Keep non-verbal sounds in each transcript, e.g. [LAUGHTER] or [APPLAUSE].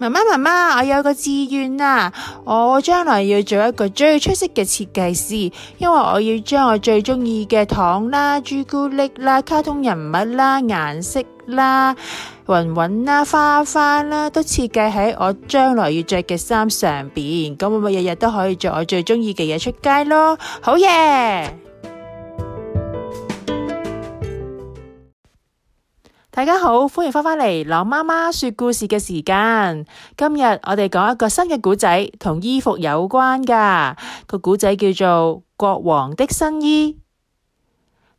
媽媽媽媽，我有個志願啊！我將來要做一個最出色嘅設計師，因為我要將我最中意嘅糖啦、朱古力啦、卡通人物啦、顏色啦、雲雲啦、花花啦，都設計喺我將來要着嘅衫上邊，咁我咪日日都可以着我最中意嘅嘢出街咯！好耶！大家好，歡迎返返嚟老媽媽說故事嘅時間。今日我哋講一個新嘅古仔，同衣服有關噶。個古仔叫做國王的新衣。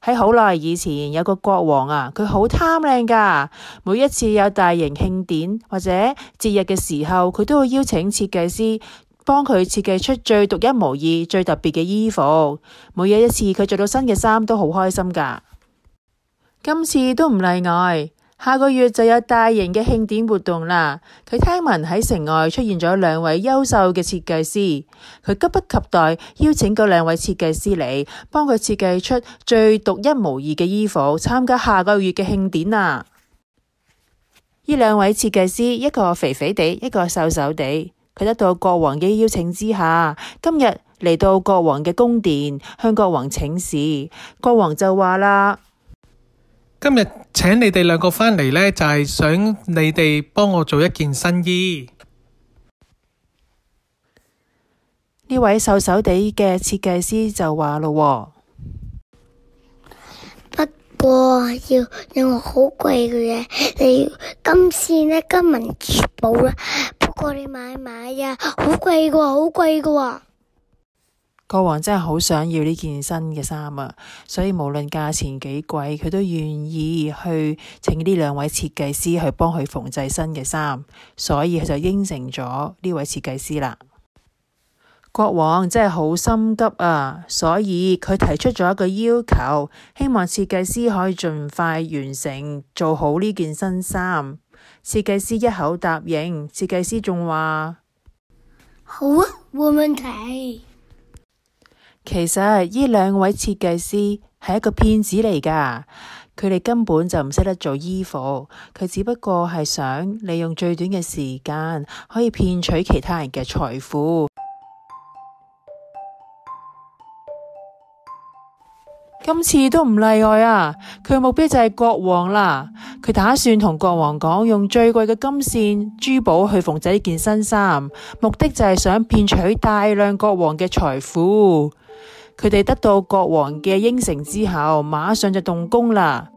喺好耐以前，有個國王啊，佢好貪靚噶。每一次有大型慶典或者節日嘅時候，佢都會邀請設計師幫佢設計出最獨一無二、最特別嘅衣服。每有一次佢着到新嘅衫，都好開心噶。今次都唔例外，下個月就有大型嘅慶典活動啦。佢聽聞喺城外出現咗兩位優秀嘅設計師，佢急不及待邀請嗰兩位設計師嚟幫佢設計出最獨一無二嘅衣服，參加下個月嘅慶典啊！呢兩位設計師，一個肥肥地，一個瘦瘦地。佢得到國王嘅邀請之下，今日嚟到國王嘅宮殿向國王請示。國王就話啦。今日請你哋兩個返嚟呢，就係、是、想你哋幫我做一件新衣。呢位瘦瘦哋嘅設計師就話咯、哦， [NOISE] 不過要用好貴嘅嘢，你要金線呢、金紋珠寶啦。不過你買唔買，買呀？好貴嘅，好貴嘅。國王真係好想要呢件新嘅衫啊，所以無論價錢幾貴，佢都願意去請呢兩位設計師去幫佢縫製新嘅衫，所以佢就應承咗呢位設計師啦。國王真係好心急啊，所以佢提出咗一個要求，希望設計師可以盡快完成，做好呢件新衫。設計師一口答應，設計師仲話：好啊，冇問題。其實呢兩位設計師係一個騙子嚟㗎，佢哋根本就唔識得做衣服，佢只不過係想利用最短嘅時間可以騙取其他人嘅財富。今次都唔例外啊！佢目標就係國王啦。佢打算同國王講，用最貴嘅金線珠寶去縫製呢件新衫，目的就係想騙取大量國王嘅財富。佢哋得到國王嘅應承之後，馬上就動工啦。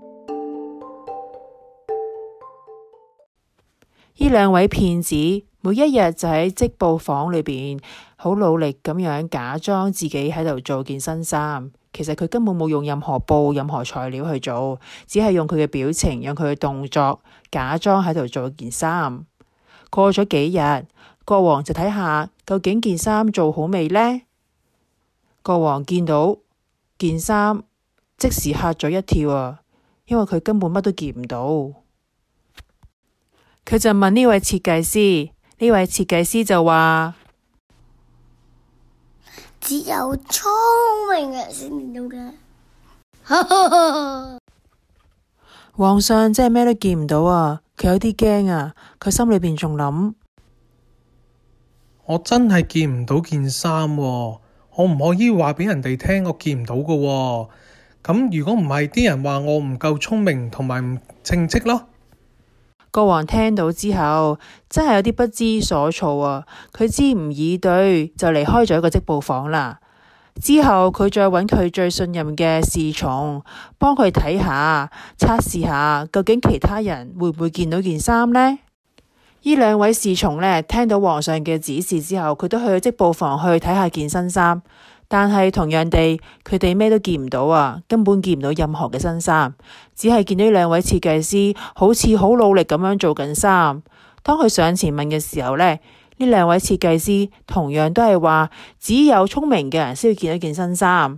呢 [MUSIC] 兩位騙子每一日就喺織布房裏邊，好努力咁樣假裝自己喺度做件新衫。其實佢根本冇用任何布、任何材料去做，只係用佢嘅表情、用佢嘅動作，假裝喺度做件衫。過咗幾日，國王就睇下究竟件衫做好未呢？國王見到件衫，即時嚇咗一跳啊！因為佢根本乜都見唔到，佢就問呢位設計師，呢位設計師就話。只有聰明嘅先見到嘅。 [LAUGHS] 皇上真係咩都見唔到啊！佢有啲驚啊，佢心裏邊仲諗：我真係見唔到件衫喎，可唔可以話畀人哋聽我見唔到㗎喎？咁如果唔係，啲人話我唔夠聰明同埋唔稱職咯。國王聽到之後真係有啲不知所措啊！佢支吾以對就離開咗一個織布房啦。之後佢再揾佢最信任嘅侍從幫佢睇下測試下，究竟其他人會唔會見到件衫呢？呢兩位侍從呢，聽到皇上嘅指示之後，佢都去咗織布房去睇下件新衫。但係同樣地，佢哋咩都見唔到啊，根本見唔到任何嘅新衫，只係見到呢兩位設計師好似好努力咁樣做緊衫。當佢上前問嘅時候呢，呢兩位設計師同樣都係話只有聰明嘅人先會見到件新衫。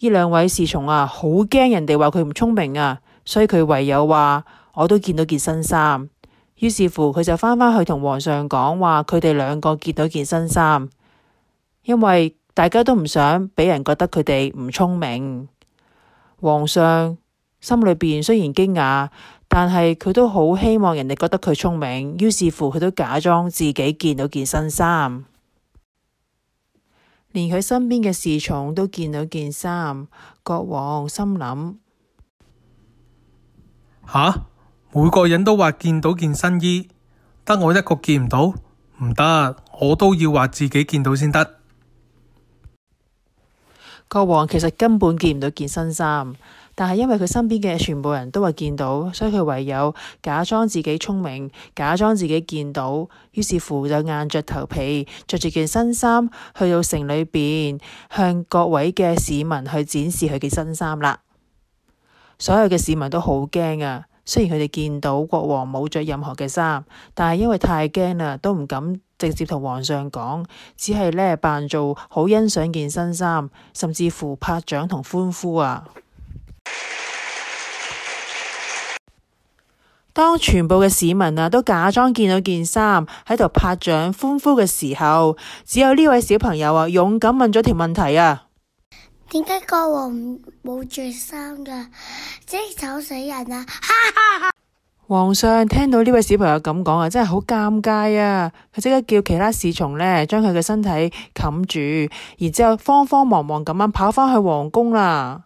呢兩位侍從啊，好驚人哋話佢唔聰明啊，所以佢唯有話我都見到件新衫。於是乎，佢就返返去同皇上講話，佢哋兩個見到件新衫，因為。大家都唔想俾人覺得佢哋唔聰明。皇上，心裏邊雖然驚訝，但係佢都好希望人哋覺得佢聰明，於是乎佢都假裝自己見到件新衫，連佢身邊嘅侍從都見到件衫。國王心諗：吓、啊，每個人都話見到件新衣，得我一個見唔到，唔得，我都要話自己見到先得。國王其實根本見唔到件新衫，但係因為佢身邊嘅全部人都話見到，所以佢唯有假裝自己聰明，假裝自己見到，於是乎就硬着頭皮，着住件新衫，去到城裏邊，向各位嘅市民去展示佢嘅新衫啦。所有嘅市民都好驚啊！雖然佢哋見到國王冇着任何嘅衫，但係因為太驚啦，都唔敢直接同皇上講，只係咧扮做好欣賞件新衫，甚至乎拍掌同歡呼啊！ [LAUGHS] 當全部嘅市民啊都假裝見到件衫喺度拍掌歡呼嘅時候，只有呢位小朋友啊勇敢問咗條問題啊！點解國王冇着衫噶？真係醜死人啦、啊！ [LAUGHS] 皇上聽到呢位小朋友咁講啊，真係好尷尬啊！佢即刻叫其他侍從呢，將佢嘅身體冚住，然之後慌慌忙忙咁樣跑返去皇宮啦。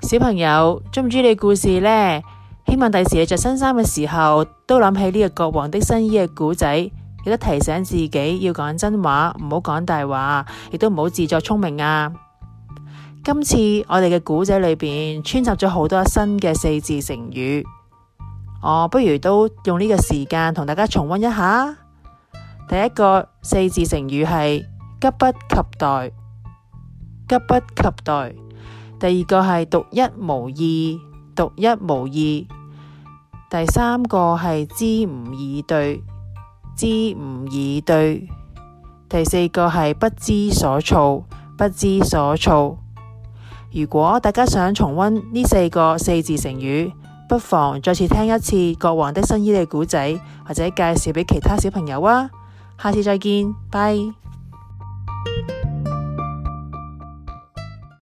小朋友中唔中意呢個故事呢？希望第時你着新衫嘅時候都諗起呢個國王的新衣嘅故仔。記得提醒自己要講真話，唔好講大話，亦都唔好自作聰明啊！今次我哋嘅古仔裏邊穿插咗好多新嘅四字成語，我、哦、不如都用呢個時間同大家重温一下。第一個四字成語係急不及待，急不及待；第二個係獨一無二，獨一無二；第三個係知唔以對，知唔以對，第四個係不知所措，不知所措。如果大家想重温呢四個四字成語，不妨再次聽一次《國王的新衣》嘅故仔，或者介紹俾其他小朋友啊。下次再見，拜。